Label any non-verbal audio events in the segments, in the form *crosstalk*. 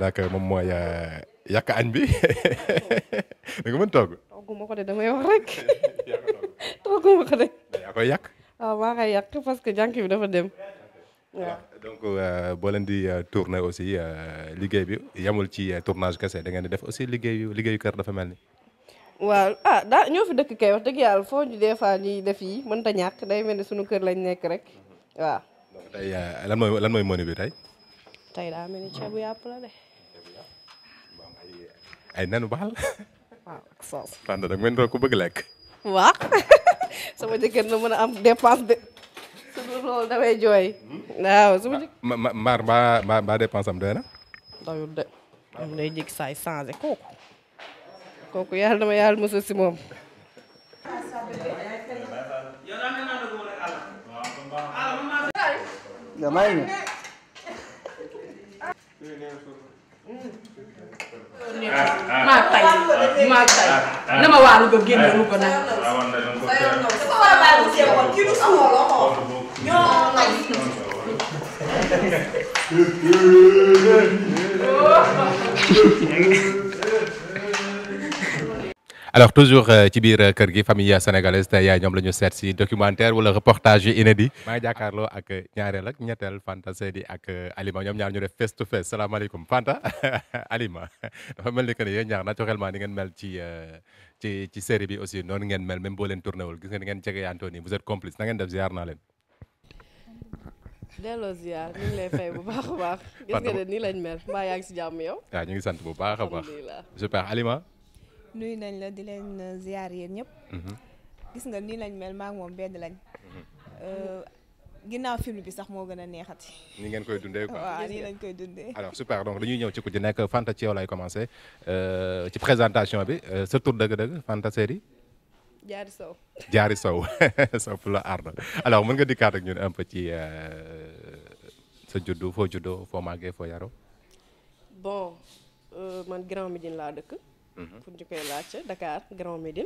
nag moom mooy euh, yàq añ bi *laughs* da nga mën togg. togguma ko de damay *laughs* yàq. waaw ah, maa koy parce que jànk bi dafa dem. donc euh, boo leen di euh, tourner aussi liggéey bi yamul ci tournage kese da ngeen di def aussi liggéeyu liggéeyu kër dafa mel ni. waaw ah daa ñoo fi dëkk kay wax dëgg yàlla foo ñu des fois def yi mënta ñàkk day mel ni sunu kër lañ nekk rek mm-hmm. waaw. tey lan lan mooy menu bi tey. tey daa mel ceebu yàpp la ay nanu baal. waaw ak soosu. Fanta da nga mel ku bëgg lekk. waaw *laughs* sama am dépense de su dul loolu damay jooy. waaw su ma jëkk. ma ma maar mbaa mbaa mbaa dépense am doy na. doyul de am day jig saay changé kooku kooku dama yàlla mësul si moom. maa tay maa tay ah, ah. nama waaru ba génne ah. lu ko nag. dafa war a bàyyi bu teewoon kii du sa mbooloo oh. xool ñoo tay. Oh. *laughs* alors toujours euh, ci biir euh, kër gi famille sénégalaise tey yaay ñoom la seet si documentaire wala reportage yu inédit maa jàkkaarloo ak euh, ñaareel ak ñetteel Fanta Seydi ak Alima ñoom ñaar ñu def face to face salaamaaleykum Fanta *laughs* Alima ni que ne yéen ñaar naturellement ngeen mel ci ci ci série bi aussi noonu ngeen mel même boo leen tourné wul gis ngeen ni ngeen jege Anthony vous êtes complice na ngeen def ziar naa leen. delloo ziar ñu ngi lay bu baax a baax. *laughs* gis nga ne nii lañ mel mbaa yaa si jàmm yow. ñu ngi sant bu baax a baax alhamdulilah nuyu nañ la di leen euh, ziar yéen ñëpp. Mm-hmm. gis nga nii lañ mel maa ngi moom benn lañ. Mm-hmm. Euh, ginnaaw film bi sax moo gën a neexati. ni ngeen koy dundee quoi waaw nii lañ koy dundee. alors super donc dañuy ñëw ci ku ci nekk Fanta ci yow lay commencé euh, ci présentation bi sa tur dëgg-dëgg Fanta Seri. Diary Sow jaari Sow *laughs* Sow la Ardo alors mën nga dikkaat ak ñun un ci sa juddu foo juddoo foo màggee foo yaroo. bon man Grand Médine laa dëkk. Mm-hmm. pour ñu koy laajte Dakar Grand Médine.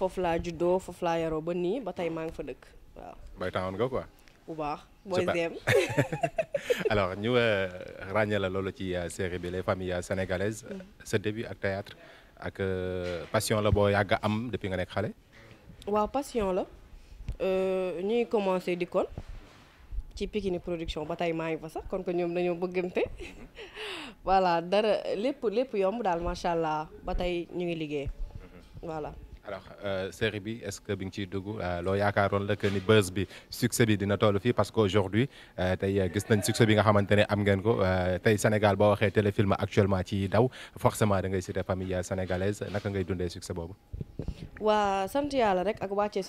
foofu laa juddoo foofu laa yaroo ba nii ba tey maa ngi fa dëkk waaw. nga quoi. bu baax booy zeem *laughs* alors ñu euh, ràññee la loolu ci euh, série bi les familles euh, sénégalaises. Mm-hmm. sa début ak théâtre ak passion la boo yàgg am depuis nga nekk xale. waaw passion la ñuy commencé di kon ci Pikini production ba tey maa fa sax kon ko ñoom dañoo bëggante *laughs* voilà dara lépp lépp yomb daal macha allah ba tey ñu ngi liggéey mhm. voilà. alors euh, série bi est-ce que bi nga ciy dugg euh, loo yaakaaroon la que ni buzz bi succès bi dina toll fii parce que aujourd'hui euh, tey euh, gis nañ succès bi nga xamante ne am ngeen ko tey Sénégal boo waxee téléfilm actuellement ci daw forcément da ngay citer famille sénégalaise naka ngay dundee succès boobu. waa sant yàlla rek ak wàccee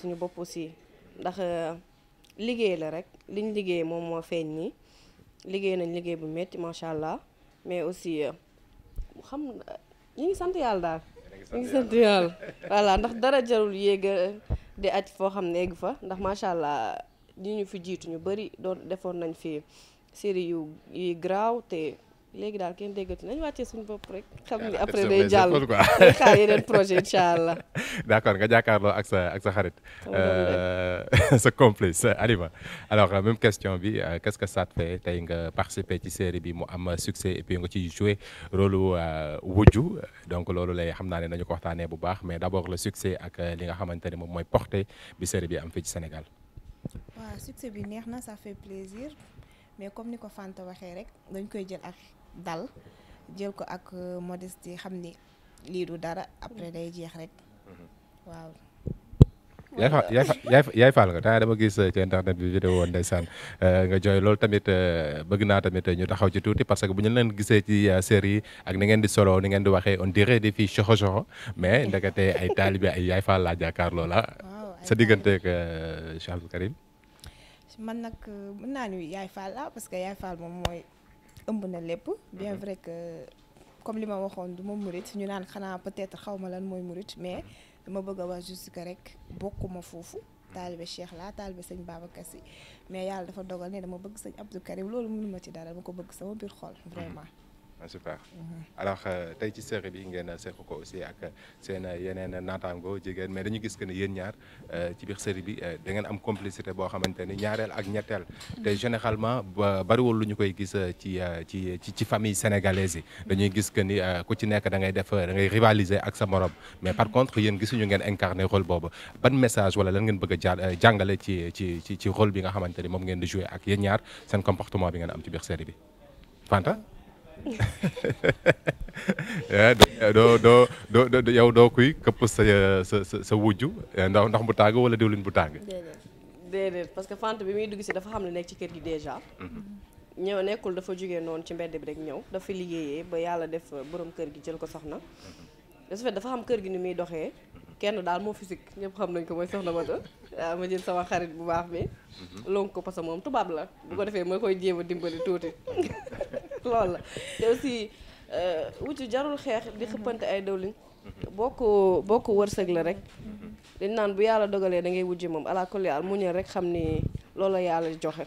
liggéey la li ñu liggéey moom moo feeñ nii liggéey nañ liggéey bu métti macha allah mais aussi euh, xam ñi ngi sant yàlla daal. ñu ndax dara jarul yéeg euh, di aj foo xam ne egg fa ndax macha allah ñi ñu fi jiitu ñu bëri doon defoon nañ fi série yu yu graaw te. léegi daal kenn déggatu nañ wàccee suñu bopp rek. xam ni après day jàll *laughs* day xaar yeneen projet incha allah. *laughs* d' nga jàkkaarloo ak sa ak sa xarit. Euh, *laughs* sa complice Alima. alors euh, même question bi euh, qu' que ça te tey nga participer ci série bi mu am succès et puis nga ciy jouer rôle lu wujju donc loolu lay xam naa ne nañu ko taanee bu baax mais d' abord le succès ak li nga xamante ne moom mooy portée bi série bi am fii ci Sénégal. waaw succès bi neex na ça fait plaisir mais comme ni ko Fanta dal jël ko ak euh, modestie xam ni lii du dara après mm-hmm. day jeex rek mm-hmm. waaw. yaay fa yaay fa faal nga taa dama gis euh, ci internet bi vidéo woon ndeysaan euh, nga jooy loolu tamit bëgg naa tamit ñu taxaw ci tuuti parce que bu ñu leen gisee ci série ak ni ngeen di solo ni ngeen di waxee on dirait des filles soxo soxo mais *laughs* ndekete ay taalibe ay yaay faal laa jàkkaarloo la. sa diggante ak Karim. man nag mën naa yaay faal la parce que yaay faal moom mooy. ëmb na lépp bien mhm. vrai que comme li ma waxoon du ma murit ñu naan xanaa peut-être xaw ma lan mooy murit mais dama bëgg a wax juste que rek bokkuma foofu taalibe Cheikh laa taalibe sëñ Babacar Si mais yàlla dafa dogal ne dama bëgg sëñ Abdou Karim loolu mënu ci dara dama ko bëgg sama biir xol vraiment Ah, super alors euh, tey ci série bi ngeen seq ko aussi ak seen yeneen naataango jigéen mais dañu gis que ne yéen ñaar euh, ci biir série bi euh, da ngeen am complicité boo xamante ni ñaareel ak ñetteel te généralement bariwul lu ñu koy gis ci ci ci famille sénégalaise yi dañuy gis que ni ku ci nekk da ngay def da ngay rivaliser ak sa morom mais par contre yéen gisuñu ngeen incarné rôle boobu ban message wala lan ngeen bëgg a jàngale ci ci ci ci rôle bi nga xamante ni moom ngeen di jouer ak yéen ñaar seen comportement bi ngeen am ci biir *laughs* Eh, doo doo doo doo yow doo kuy këpp sa sa sa wujju eh, ndax ndax bu tàng wala diwlin bu tàng. déedéet parce que fant bi muy dugg si dafa xam nekk ci kër gi déjà. Mm-hmm. ño nekkul dafa jógee noonu ci mbedd bi rek ñëw dafa liggéeyee ba yàlla def borom kër gi jël ko soxna. Mm-hmm. de ce dafa xam kër gi ni muy doxee. Mm-hmm. kenn daal moo physique ñëpp xam nañ ko mooy soxna Mata ah, waaw ma jël sama xarit bu baax bi. lonk ko parce que moom tubaab la. du ko defee ma koy jéem a dimbali tuuti. *laughs* *laughs* loolu la te aussi euh, wuccu jarul xeex di xëppante ay dawlin boo ko boo ko wërsëg la rek dañ naan bu yàlla dogalee da ngay wujje moom ala kulli al mu ñëw rek xam ni loolu la yàlla joxe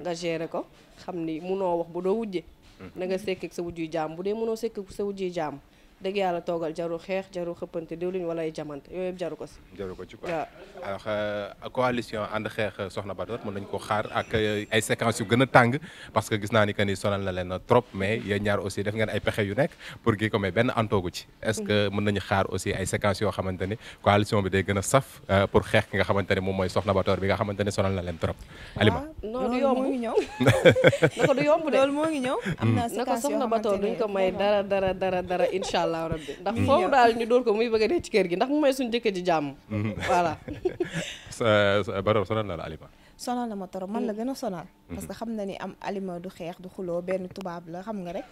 nga gérer ko xam ni munoo wax bu doo wujjee mhm. na nga sekk ak sa wujju jaam bu dee mënoo sekk ak sa wujju jaam dëgg yàlla toogal jaru xeex jaru xëppante diwlin wala ay jamante yooyu jaru ko si. jaru ko ci quoi euh, coalition ànd xeex soxna Bador mën nañu ko xaar ak euh, ay séquences yu gën a tàng parce que gis naa ni que ni sonal na leen trop mais yéen ñaar aussi def ngeen ay pexe yu nekk pour gi ko mais benn antoogu ci. a saf euh, pour xeex ki nga moom mooy soxna Bador bi ah, *laughs* naka du yomb de moo ngi ñëw. ne naka soxna Bador duñ ko may dara dara dara laa rabbi ndax mm. foofu daal ñu dóor ko muy bëgg a gi ndax mu may suñu jëkkër ji jàmm mm-hmm. voilà *laughs* baroom sonal na la aliment sonal na ma torop man la gën a sonal mm-hmm. parce que xam na ni am aliment du xeex du xuloo benn tubaab la xam nga rek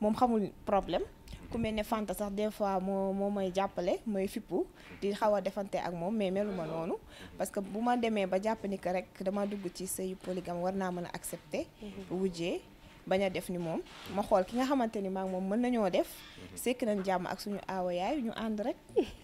moom xamul problème ku mel ne Fanta sax des fois moo moo may jàppale mooy fippu di xaw a defante ak moom mais melu ma noonu parce que bu ma demee ba jàpp ni que rek dama dugg ci sëyu polygame war naa mën a accepter mm-hmm. wujjee bañ def ni moom ma xool ki nga xamante ni maag moom mën nañoo def mhm. sekki nañ jàmm ak suñu aawa yaay ñu ànd rek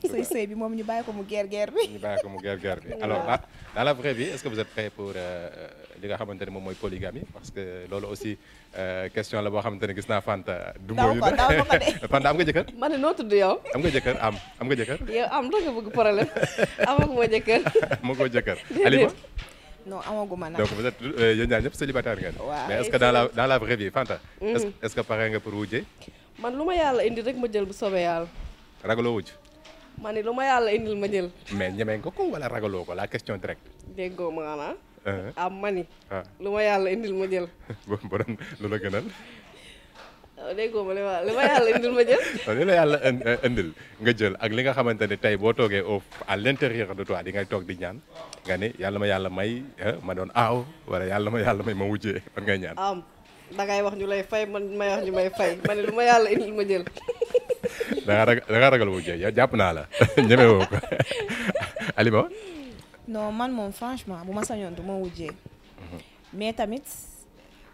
sëy sëy bi moom ñu bàyyi ko mu guerre geer bi ñu bàyyi ko mu guerre guerre bi alors là ah, dans la est-ce que vous êtes prêt euh, euh, li nga xamante ni moom mooy polygamie parce que loolu aussi euh, question la boo xamante ne gis naa Fanta du mooyu *laughs* Fanta am nga jëkkër ma ne noo tudd yow am nga jëkkër am am nga jëkkër yow am da nga bëgg problème *laughs* am ak jëkkër moo *laughs* non amaguma nag donc vous êtes euh, yéen ñaar ñëpp célibataire ngeen. waaw mais est ce que dans la dans la vraie vie Fanta. est ce mhm. que pare nga pour wujje. man lu ma yàlla indi rek ma jël bu soobee yàlla. ragaloo wujj. ma ne lu ma yàlla indil ma jël. mais ñeme nga ko wala ragaloo ko la question directe. déggoo ma xanaa. ah, uh-huh. ah mani. Ah. lu ma yàlla indil ma jël. *laughs* borom lu la gënal. déggoo ma li ma li ma yàlla indil ma *laughs* la yàlla euh, indil nga jël ak li nga xamante ne tey boo toogee au à l'intérieur de di ngay toog di ñaan nga ne yàlla ma yàlla may ma doon aaw wala yàlla ma yàlla may ma wujjee man ngay ñaan. am da ñu lay fay man ma lu ma yàlla indil ma jël. *laughs* da nga ragal da nga ragal wujjee yow jàpp naa la *laughs* ñeme woo ko Alima. non man moom franchement bu ma sañoon du ma wujjee mhm. mais tamit.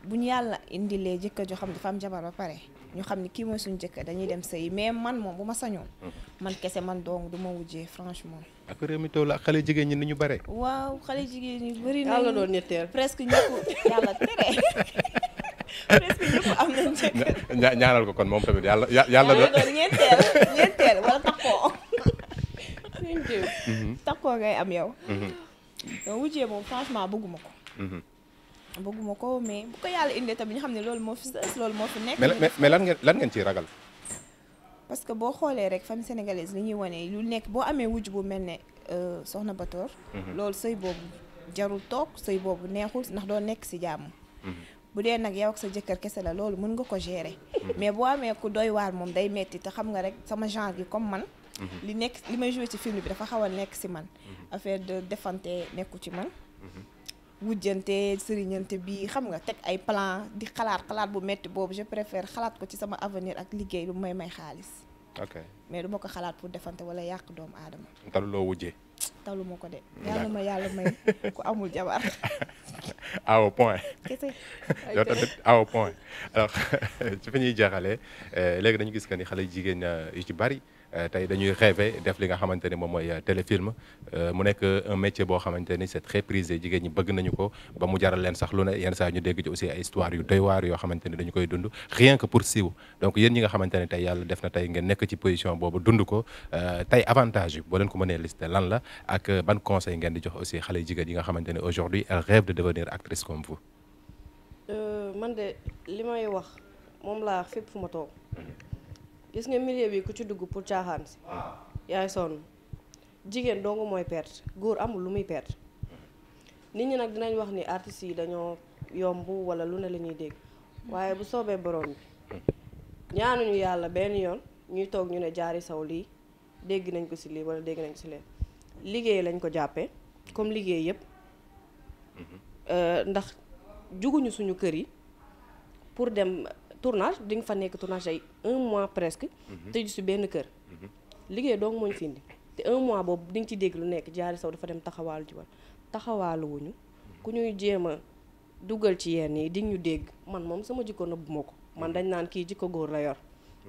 bu ñu yàlla indilee jëkkër joo xam dafa am jabar ba pare ñu xam ne kii mooy suñu jëkkër dañuy dem sëy mais man moom bu ma sañoon. Mhm. man kese man doom du ma wujjee franchement. ak réew jigéen ñi ni ñu bare. waaw xale jigéen ñi bëri nañu yàlla doon ñetteel *laughs* ñaanal ko kon moom tamit yàlla yàlla doon ñeenteel ñeenteel wala takkoo. takkoo mhm. ngay am yow. Mhm. wujjee moom franchement bëgguma ko. bëgguma ko mais bu ko yàlla indee tamit ñu xam ne loolu moo fi sës loolu moo fi nekk. mais lan ngeen lan ngeen ragal. parce que boo xoolee rek famille sénégalaise li ñuy wane lu nekk boo amee wujj bu mel ne euh, soxna Batoor. Mhm. loolu sëy boobu jarul toog sëy boobu neexul ndax doo nekk si jàmm. Mhm. bu dee nag yow ak sa jëkkër kese la loolu mën nga ko gérer. Mhm. mais boo amee ku doy waar moom day metti te xam nga rek sama genre gi comme man. li nekk li may joué ci film bi dafa xaw a nekk si man. affaire de defante nekku ci man. wujjante sëriñante bi xam nga teg ay plan di xalaat xalaat bu metti boobu je préfère xalaat ko ci sama avenir ak liggéey lu may may xaalis. ok mais du ko xalaat pour defante wala yàq doom aadama. talu loo wujjee. talu ko de. yàlla ma yàlla may ku amul jabar. *laughs* aw point. kese *laughs* yow tamit su *laughs* fi ñuy jeexalee eh, léegi dañu gis que ni xale jigéen euh, yu ci bari. Euh, tey dañuy rêver def li nga xamante moom mooy euh, téléfilm euh, mu nekk un métier boo xamante c'est très jigéen ñi bëgg nañu ko ba mu jaral leen sax lu ne yenn saa ñu dégg ci aussi ay histoire yu doy waar yoo xamante dañu koy dund rien que pour siiw donc yéen ñi nga xamante tey yàlla def na tey ngeen nekk ci position boobu dund ko tey avantage yi boo leen ko mënee listé lan la ak ban conseil ngeen di jox aussi xale jigéen yi nga xamante ne gis nga milieu bi ku ci dugg pour caaxaan si ah. yaay sonn jigéen dong mooy perte góor amul lu muy perte nit ñi nag dinañ wax ni artistes yi dañoo yomb wala lu ne la ñuy dégg waaye bu soobee borom bi ñaanuñu yàlla benn yoon ñuy toog ñu ne jaari saw lii dégg nañ ko si lii walla dégg nañ ko si leen liggéey lañ ko jàppee comme liggéey yëpp mm-hmm. euh, ndax juguñu suñu kër yi pour dem tournage di nga fa nekk tournage ay un mois presque. Mhm. tëju si benn kër. Mhm. liggéey doog mooñ ñu fi indi te un mois boobu dinga nga ci dégg lu nekk jaari saw dafa dem taxawaalu ci war taxawaalu wuñu mhm. ku ñuy jéem a dugal ci yenn yi di ñu dégg man moom sama jikko nëbbu ma ko man dañ naan kii jikko góor la yor.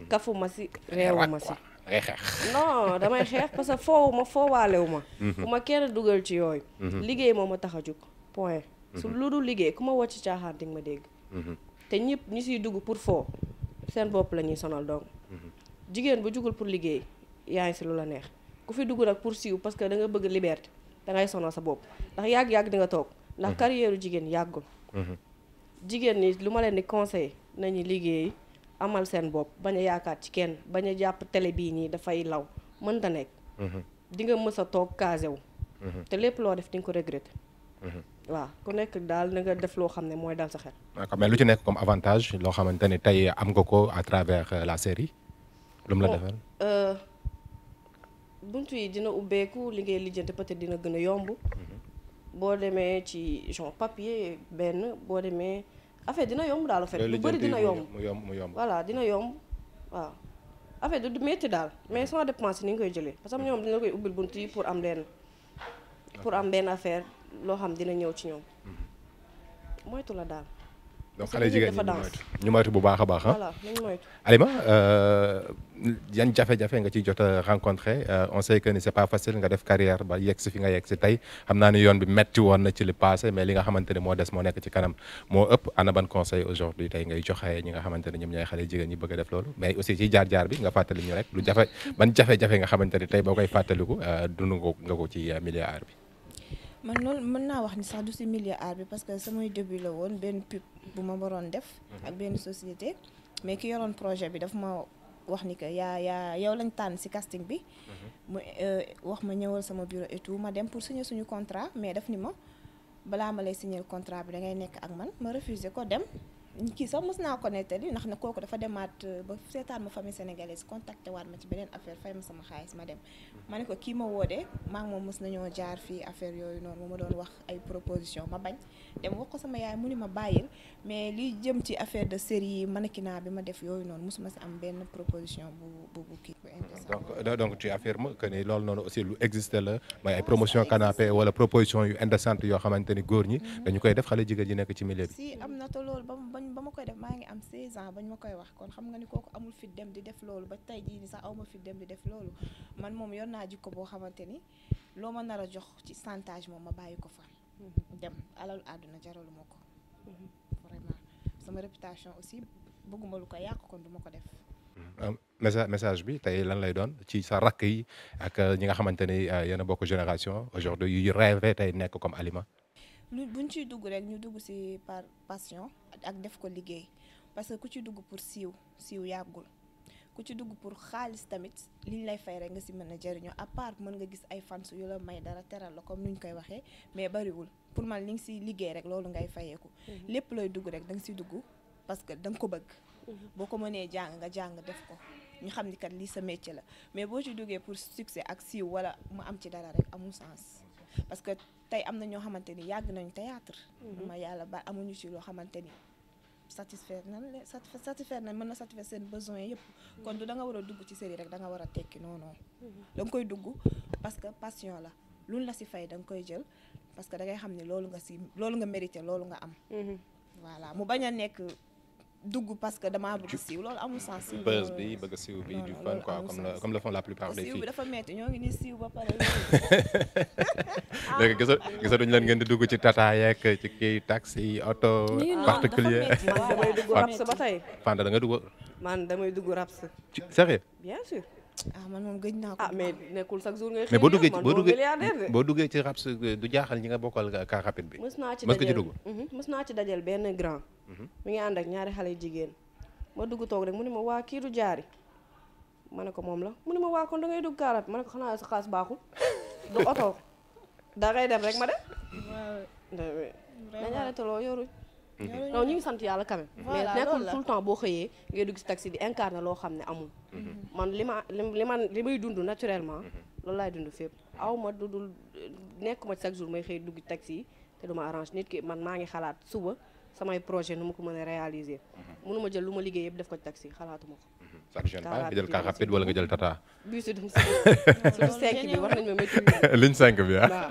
kafu ma si réewu ma si. non damay xeex parce que foowu ma foowaalewu ma bu ma kenn dugal ci yooyu liggéey moom ma tax a jug point su lu dul liggéey ku ma wàcc caaxaan di nga ma dégg te ñëpp ñu siy dugg pour foo seen bopp la ñuy sonal donc mm-hmm. jigéen bu jugul pour liggéey yaa ngi si lu la neex ku fi dugg nag pour siiw parce que da nga bëgg liberté da ngay sonal sa bopp ndax yàgg-yàgg di nga toog ndax mm-hmm. carrière jigéen yàggul mm-hmm. jigéen ni lu ma leen di conseil nañu liggéey amal seen bopp bañ a yaakaar ci kenn bañ a jàpp tele bii nii dafay law mën ta nekk di nga mës a toog casé wu te lépp loo def di nga ko regretter waaw ku nekk daal na nga def loo xam ne mooy daal sa xel. d'accord lu ci nekk comme avantage loo xamante ne tey am nga ko à travers euh, la série. lu mu la defal euh, bunt yi dina ubbeeku li ngay lijjante peut-être dina gën a yomb. Mm-hmm. boo demee ci genre papier benn boo demee affaire dina yomb daal. affaire lu bëri dina yomb mu yomb mu yomb. voilà dina yomb waaw. affaire du metti daal mais mm-hmm. sans dépense ni nga koy jëlee parce que ñoom dina koy ubbil bunt yi pour am lenn pour am benn affaire. loo xam dina ñëw ci ñoom. moytu la daal. donc xale jigéen ñu moytu bu baax a baax ah. voilà nañu moytu. Alima euh, yan jafe-jafe nga ciy jot a rencontré euh, on sait que c'est pas facile nga def carrière ba yegg si fi nga yegg tey xam naa ni yoon bi metti woon na ci li passé mais li nga xamante moo des moo nekk ci kanam moo ëpp ana ban conseil aujourd'hui tey ngay joxe ñi nga xamante ne ñoom ñooy xale jigéen ñi bëgg a def loolu mais aussi ci jaar-jaar bi nga fàttali rek lu jafe ban jafe-jafe nga tey boo koy fàttaliku euh, dund nga ko ci milieu art bi. man loolu mën naa wax ni sax du si millier art bi parce que samay début la woon benn pub bu ma waroon def. Mhm. ak benn société. mais ki yoroon projet bi daf ma wax ni que yaa yaa yow lañ tànn si casting bi. Mhm. mu euh, wax ma ñëwal sama bureau et ma dem pour signer suñu contrat mais daf ni ma balaa ma lay signer contrat bi da ngay nekk ak man ma refuser ko dem. kii sax mos naa ko nettali ndax nag kooku dafa demaat euh, ba seetaan ma famille sénégalaise contacté waat ma ci beneen affaire fay ma sama xaalis ma dem. ma ne ko kii ma woodee maa moom mos nañoo jaar fii affaire yooyu noonu ma doon wax ay proposition ma bañ dem wax ko sama yaay mu ni ma bàyyil mais li jëm ci affaire de série yi mannequinat bi ma def yooyu noonu mosuma si am benn proposition bu bu kii. donc euh, donc tu affirmes que ni loolu noonu aussi lu existé la may ay promotion canapé wala proposition yu indécente yoo xamante ni góor ñi mm-hmm. dañu koy def xale jigéen ñi nekk ci milieu bi. si am na te loolu ba ba ma koy def maa ngi am 16 ans bañ ma koy wax kon xam nga ni kooku amul fit dem di def loolu ba tey jii ni sax aw ma fit dem di def loolu man moom yor naa jikko boo xamante ni loo ma nar a jox ci chantage moom ma bàyyi ko fa. Mm-hmm. dem alalu àdduna jaralu ma ko. Mm-hmm. sama réputation aussi bëgguma lu ko yàq kon duma ko def. Mm-hmm. Euh, message message bi tey lan lay doon ci sa rakk yi ak euh, ñi nga xamante ni euh, yéen a bokk génération aujourd'hui yu rêvé tey nekk comme Alima. lu ñu ciy dugg rek ñu dugg ci par passion ak def ko liggéey parce que ku ci dugg pour siiw siiw yàggul ku ci dugg pour xaalis tamit liñ lay fay rek nga ci mën a jëriñoo à mën nga gis ay fans yu la may dara teral la comme nuñ koy waxee mais bariwul pour man li nga ciy liggéey rek loolu ngay fayeeku mhm. lépp looy dugg rek danga nga dugg parce que da ko bëgg mhm. boo ko mënee jàng nga jàng def ko ñu xam ni kat lii sa métier la mais boo ci duggee pour succès ak siiw wala mu am ci dara rek amul sens parce que tey am na ñoo xamante ni yàgg nañu théâtre mhm. ma yàlla ba amuñu ci loo xamante ni satisfaire nan la satisfaire nan mën na satisfaire seen besoin yëpp mhm. kon du da war a dugg ci série rek da nga war a tekki non non mhm. da nga koy dugg parce que passion la luñ la si fay da nga koy jël parce que da ngay xam ne loolu nga si loolu nga mérité loolu nga am voilà mu bañ a nekk dugg parce que damaa bëgg siiw loolu amul sens. siiw buzz bëgg siiw bi du fun quoi comme le font la plupart des filles. siiw bi dafa métti ñoo ngi siiw ba pare. *laughs* Ah, léegi gisa gisatuñu leen ngeen di dugg ci tata yeeg ci kii taxi oto. particulier man damay dugg raps ba tey. man dugg raps. sérieux ah man moom gëj naa ko. ah mais nekkul chaque jour ngay xëy mais boo duggee boo duggee boo duggee ci rap euh, du jaaxal ñi nga bokkal kaa rapide bi. mës naa ci dajal mhm, mës naa ci dajal benn grand. Mhm. mi ngi ànd ak ñaari xale jigéen. ma dugg toog rek mu ne ma waa kii du jaari ma ne ko moom la mu ne ma waa kon da ngay dugg kaa rapide ma ne ko xanaa sa xaas baaxul du oto *laughs* da ngay dem rek ma dem. waaw. dañu arrêté loo yoruñ. donc mhm. ñu ngi sant yàlla quand même mais nekkul tout boo xëyee ngay dugg si taxi di incarné loo xam ne amul mhm. man li ma li ma li may dund naturellement mhm. loolu laay dund fépp aw ma du dul nekkuma chaque jour may xëy dugg taxi te duma arrange nit ki man maa ngi xalaat suba samay projet nu ma ko mën a réaliser mënuma jël lu ma liggéey yëpp def ko ci taxi xalaatuma ko chaque jeune ba nga jël car rapide wala nga jël tata bus du dem surtout cinq bi wax nañ ma métti ligne cinq ah.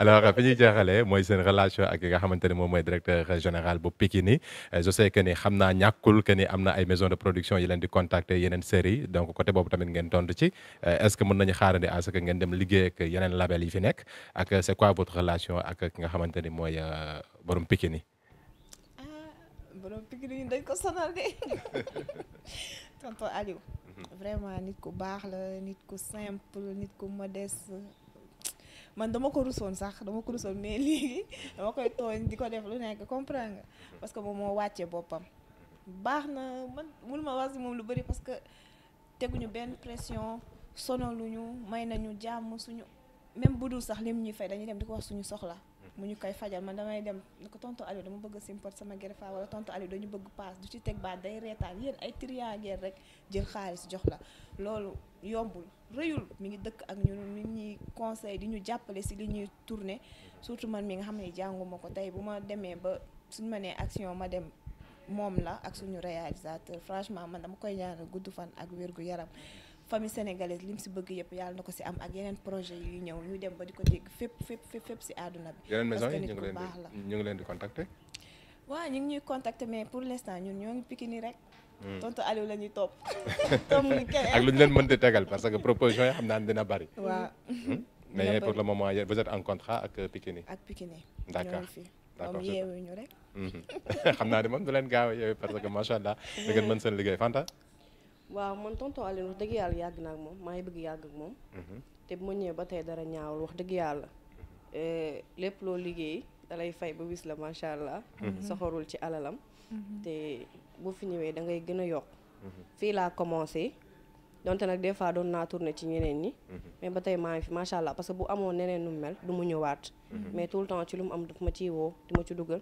alors fi ñuy jeexalee mooy seen relation ak ki nga xamante ne moom mooy directeur général bu Pikini je sais que xam naa ñàkkul que ni am na ay maison de production yi leen di contacter yeneen série donc côté boobu tamit ngeen tontu ci euh, est-ce que mën nañu xaarandi à que ngeen dem liggéey ak yeneen label yi fi nekk ak c'est quoi votre relation ak ki nga xamante ni mooy euh, borom Pikini. ah borom Pikini dañ ko sonal de *laughs* tonton Aliou. Mhm. vraiment nit ku baax nit ku simple nit ku modeste. man dama ko rusoon sax dama ko rusoon mais *laughs* léegi dama koy tooñ di ko def lu nekk comprendre nga parce que moom moo wàccee boppam baax na man mënu ma wax si moom lu bëri parce que teguñu benn pression ñu may nañu jàmm suñu même bu dul sax lim ñuy fay dañuy dem di ko wax suñu soxla mu ñu koy fajal man damay dem ne ko tonton Aliou dama bëgg simport sama greffage wala tonton Aliou dañu bëgg paas du ci teg baat day reetaan yéen ay triant ngeen rek jël xaalis jox la loolu yombul rëyul mi ngi dëkk ak ñun nit ñi conseil di ñu jàppale si li ñuy tourné surtout man mi nga xam ne jànguma ko tey bu ma demee ba suñ ma nee action ma dem moom la ak suñu réalisateur franchement man dama koy ñaanal gudd fan ak wér gu yaram famille sénégalaise li mu si bëgg yëpp yàlla na ko si am ak yeneen projet yuy ñëw ñu dem ba di ko dégg fépp fépp fépp si àdduna bi. yeneen maison yi ñu leen di ñu ngi leen di contacter. waaw ñu ngi ñuy contacter l' instant ñun ñoo ngi hmm. *laughs* lu ñu leen mën mënti tegal parce que proposition yi xam naa dina bari. *laughs* waaw. Hmm? *laughs* mais pour le moment vous êtes en contrat ak euh, Pikini. ak Pikini. d' accord d' accord yeewuñu rek. Hmm. xam naa ne moom du leen a yeewu parce que macha allah da ngeen mën seen liggéey Fanta. waaw man tonton Aline wax dëgg yàlla yàgg naa ak moom maa ngi bëgg yàgg ak moom. Mhm. te bu ma ñëwee ba tey dara ñaawul wax dëgg yàlla. Mhm. Eh, lépp loo liggéey dalay fay ba wis la macha allah. Mhm. soxorul ci alalam. te bu fi ñëwee dangay gën a yokk. fii laa commencé donte nag des fois doon naa tourné ci ñeneen ñi. mais ba tey maa fi macha allah parce que bu amoon neneen nu mel du mu ñëwaat. mais tout le temps ci lu mu am daf ma ciy woo di ma ci dugal.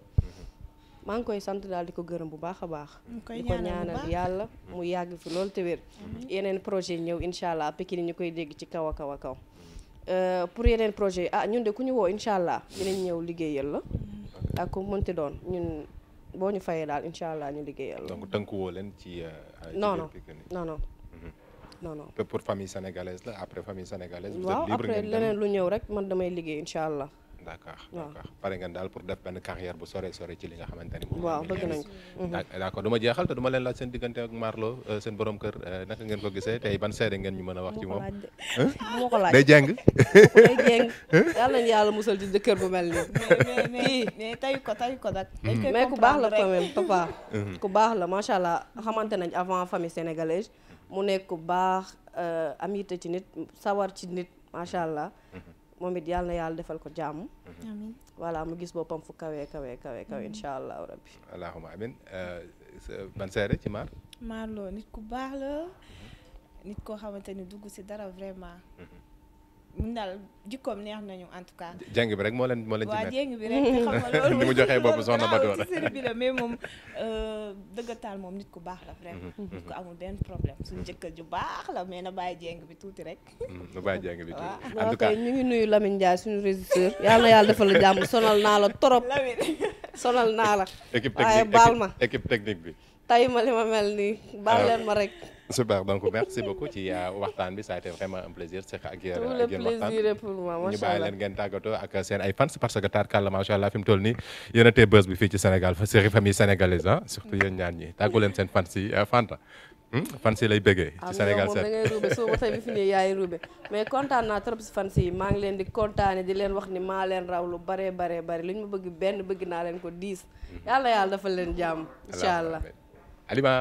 maa ngi koy sant daal di ko gërëm bu baax a baax di ko ñaanal yàlla mu yàgg fi loolu te wér yeneen projet ñëw incha allah Pikine ñu koy dégg ci kaw a kaw a kaw euh, pour yeneen projet ah ñun de ku ñu woo incha allah dinañ ñëw liggéeyal la mm. ak ku mënti doon ñun boo ñu fayee daal incha allah ñu liggéeyal la donc tënku woo leen ci euh, non non non non mm-hmm. non pour famille sénégalaise la après famille sénégalaise waaw après leneen lu ñëw rek man damay liggéey incha allah d' accord d' accord pare ngeen daal pour def benn carrière bu sore sore ci li nga xamante ni moom waaw bëgg nañ mhm. ma jeexal te du ma leen laaj seen diggante ak Marlo euh, seen borom kër euh, naka ngeen ko gisee tey ban seede ngeen ñu mën a wax ci moom *laughs* moo day jeng *laughs* yàlla nañ yàlla musal ci jëkkër bu mel nii kii mais tayu ko tayu ko nag mhm. mais ku baax la quand même papa mhm. ku baax la macha allah xamante nañ avant famille sénégalaise mu nekk ku baax am euh, amité ci nit sawar ci nit macha allah moom it yàlla na yàlla defal ko jàmm. Mhm. amiin mu gis boppam fu kawee kawe kawe kawe incha allahu rabbi. allahumma amiin euh, ban ci maar. maar loo nit ku baax la. Mhm. nit koo xamante ni dugg si dara vraiment. Mhm. daal jikkoom neex nañu en tout cas. jàng bi rek moo leen moo leen ci nekk waaw jàng bi rek *laughs* xam nga loolu. ni mu joxee bopp soxna Matoor ci sëriñ moom euh, dëggantaal moom nit ku baax la vraiment. Mhm, mhm. nit ku amul benn problème suñu jëkkër ju baax la mais na bàyyi jeng bi tuuti rek. Mhm, na bàyyi jàng bi tuuti en tout cas ñu ngi nuyu Lamine Ndiaye suñu régisseur yàlla na yàlla defal la sonal naa la trop. Lamine sonal naa la. ma équipe technique bi. tey ma li ma mel nii baal leen ma rek. super donc merci beaucoup ci euh, waxtaan bi ça a été vraiment un plaisir. seq ak yéen waxtaan tout le plaisir est pour moi macha allah ñu bàyyi leen ngeen tàggatoo ak seen ay fans parce que tarkalla macha allah fi toll nii yéen a bi fii ci Sénégal fa série famille sénégalaise ah surtout yéen ñaar ñi tàggu leen seen fans yi euh, Fanta. Hmm? fans si lay bëggee. ci ah, Sénégal set am mais kontaan naa trop si fans yi maa ngi leen di kontaane di leen wax ni maa leen raw lu baree baree bari lu ñu bëgg benn bëgg naa leen ko diis hmm. yàlla yàlla leen jàmm incha Alima.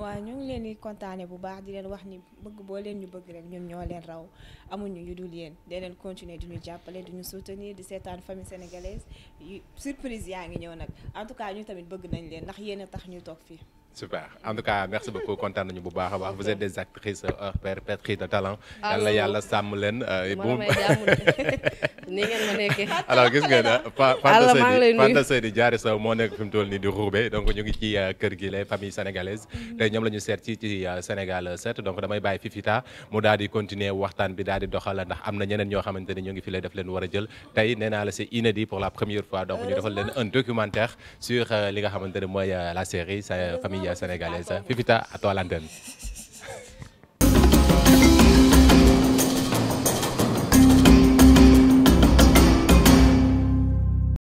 waaw ñu ngi leen di kontaane bu baax di leen wax ni bëgg boo leen ñu bëgg rek ñun ñoo leen raw amuñu yu dul yéen di leen continuer di ñu jàppale di ñu soutenir di seetaan famille sénégalaise surprise yaa ngi ñëw nag en tout cas ñu tamit bëgg nañ leen ndax yéen a tax ñu toog fii. super en tout cas merci kontaan nañu bu baax a baax vous êtes des actrices euh, pétries de talent. Ah, yàlla yàlla sàmm leen. Euh, moom *laughs* ni ngeen ma nekkee. *laughs* alors gis ngeen euh, Fanta Seydi Diary moo nekk fi mu nii di Roubaix donc ñu ngi ci kër gi les familles sénégalaises. Mhm. tey ñoom la ñu seet ci ci Sénégal 7 donc damay bàyyi Fifita mu daal di continuer waxtaan bi daal di doxal ndax am na ñeneen ñoo xamante ni ngi fi def leen war a jël tey nee naa la c'est inédit pour la première fois donc ñu defal leen un documentaire sur li nga xamante ne mooy la sénégalaise. Fifita, à toi l'antenne.